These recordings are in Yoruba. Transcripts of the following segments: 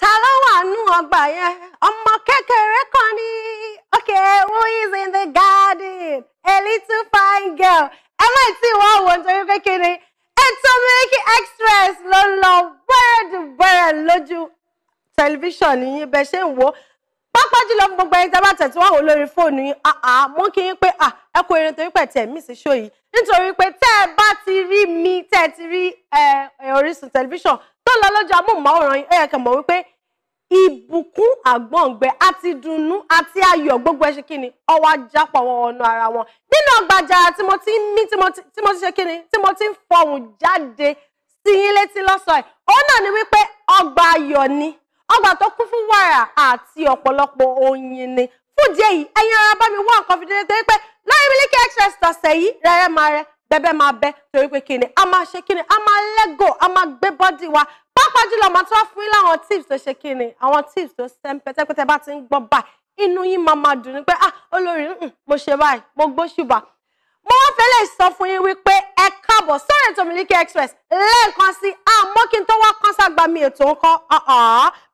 ta ló wà nù ọgbà yẹn ọmọ kékeré kan ní okay who is in the garden a little fine girl ẹ má tí wọ́n wò nítorí kékeré ètò Miliki Express ló ń lọ wẹ́rẹ́dùwẹ́rẹ́ lójú tẹlifíṣàn nìyí bẹ́ẹ̀ ṣe ń wò ó pápá jùlọ fún gbogbo ẹni tí a bá tẹ̀tí wọ́n wò lórí fóònù yín àá ah, ah, mú kí yín pé ah, ẹ kú erin torí pé tẹ̀ mí sí ṣó yìí nítorí pé tẹ́ ẹ bá ti rí mi tẹ́ ẹ ti rí eh, eh, Orísun tẹlifíṣàn tó lọ lọ́jọ́ amóhùnmáwòrán yín ẹ kàn mọ̀ wípé ìbùkún àgbọ̀ǹgbẹ àti ìdùnnú àti ayọ̀ gbogbo ẹ ṣe kí ni ọwọ́ ajá pọ̀wọ́ ọ̀nà ara wọn nínú ọgbà tí mo ti ń mí tí mo ti ṣe kí ni tí mo ti ń fọhùn jáde sí yín létí lọ́sàn-án òun náà ni wípé ọgbà ayọ̀ ni ọgbà tó kún fún wàrà àti ọ̀pọ̀lọpọ̀ oyin ni fún díẹ̀ yìí ẹ̀yin ara bá mi wá nǹkan bẹ́bẹ́ máa bẹ́ torí pé kíni a máa ṣe kíni a máa lẹ́gò a máa gbé bọ́dì wa pàápàá jùlọ màá tún wá fún yín láwọn tips tó ṣe kíni àwọn tips tó ṣe ń pẹ́tẹ́pẹ́tẹ́ bá ti ń gbọ́ báyìí inú yín máa máa dùn ní pé ah olórí mo ṣe báyìí mo gbó ṣùbà mo wá fẹ́ lè sọ fún yín wípé ẹ káàbọ̀ sórí ètò Miliki Express lẹ́ẹ̀kan sí àmọ́ kí n tó wá kán ságbá mi ètò ńkọ́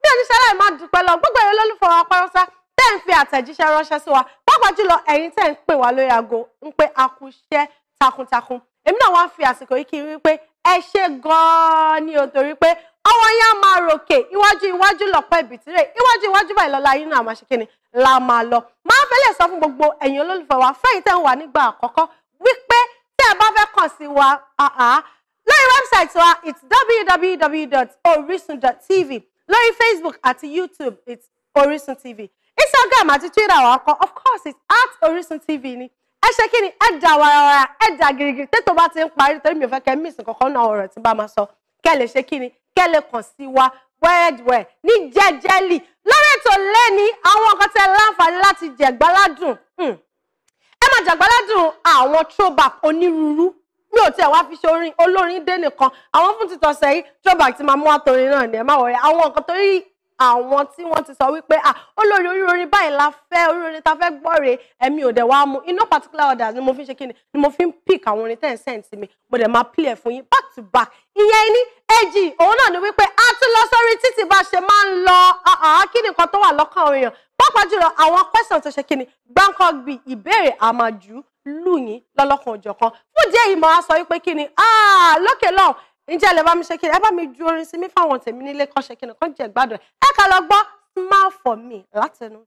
mi ò ní ṣe aláìmọ́ dúpẹ́ lọ gbogbo èrè lólùfọ́ wa pẹ́rọ́sá tẹ́ ń fi àtẹ̀jíṣẹ́ ránṣẹ́ sí wa pàápàá jùlọ ẹ̀yin tẹ́ ń pè wá lórí aago ń pé a kú iṣẹ́ takuntakun èmi náà wọ́n fi àsìkò yìí kí n wípé ẹ ṣe gan-an ni o torí pé ọwọ́ yẹn á máa ròkè iwájú iwájú lọ́pọ̀ ìbìtírẹ̀ iwájú iwájú báyìí lọ́la yín náà máa ṣe kí la máa lọ máa fẹ́ lè sọ fún gbogbo ẹ̀yin olólùfẹ́ wa fẹ́yìn tẹ́ ń wà nígbà àkọ́kọ́ wípé tẹ́ ẹ bá fẹ́ kàn sí wa lórí wẹ́bsáìtì wa it's www.orisun.tv lórí facebook àti youtube it's orisun tv instagram àti twitter wa kọ of course it's at orisun tv ni ẹ ṣe kí ni ẹ dà wàràwàrà ẹ dà gírígírí tètò bá ti ń parí torí mi ò fẹ́ kẹ́ mísì kankan náà ọ̀rọ̀ tí bá máa sọ kẹ́ lè ṣe kí ni kẹ́ lè kàn sí wa wẹ́ẹ̀dùwẹ̀ ní jẹ́jẹ́lì lórí ètò lẹ́ni àwọn nǹkan tẹ́ láǹfààní láti jẹ̀gbáládùn hmm. ẹ máa jẹ̀gbáládùn àwọn throwback onírúurú mi ò tiẹ̀ wá fi ṣe orin olórin dé nìkan àwọn fún títọ́sẹ̀ yìí throwback ti máa mú àtòrin náà ni ẹ má wọ̀ọ́yà àwọn nǹkan torí àwọn tí wọ́n ti sọ wípé ah olórí orí orin báyìí la fẹ́ orí orin ta fẹ́ gbọ́ rè èmi ò dẹ̀ wá mu in no particular orders ni mo fi ń ṣe kí ni ni mo fi ń pick àwọn orin ten cent mi mo dẹ̀ máa play ẹ̀ fún yín back to back ìyẹn ní èjì òun náà ni wípé a tún lọ sórí títì bá ṣe máa ń lọ kí ni nǹkan tó wà lọ́kàn àwọn èèyàn pápá jùlọ àwọn question tó ṣe kí ni Bangkok bí ìbéèrè àmàjù lù yín lọ́lọ́kan òjọ̀kan fún díẹ̀ yìí máa sọ wípé kí ni lókè lọ́hùn ǹjẹ́ ẹ lè bá mi ṣe kí ẹ bá mi ju orin sí mi fáwọn tèmi nílé kan ṣe kí nìkan jẹ́ gbádùn ẹ ká lọ gbọ́ smile for me látẹnu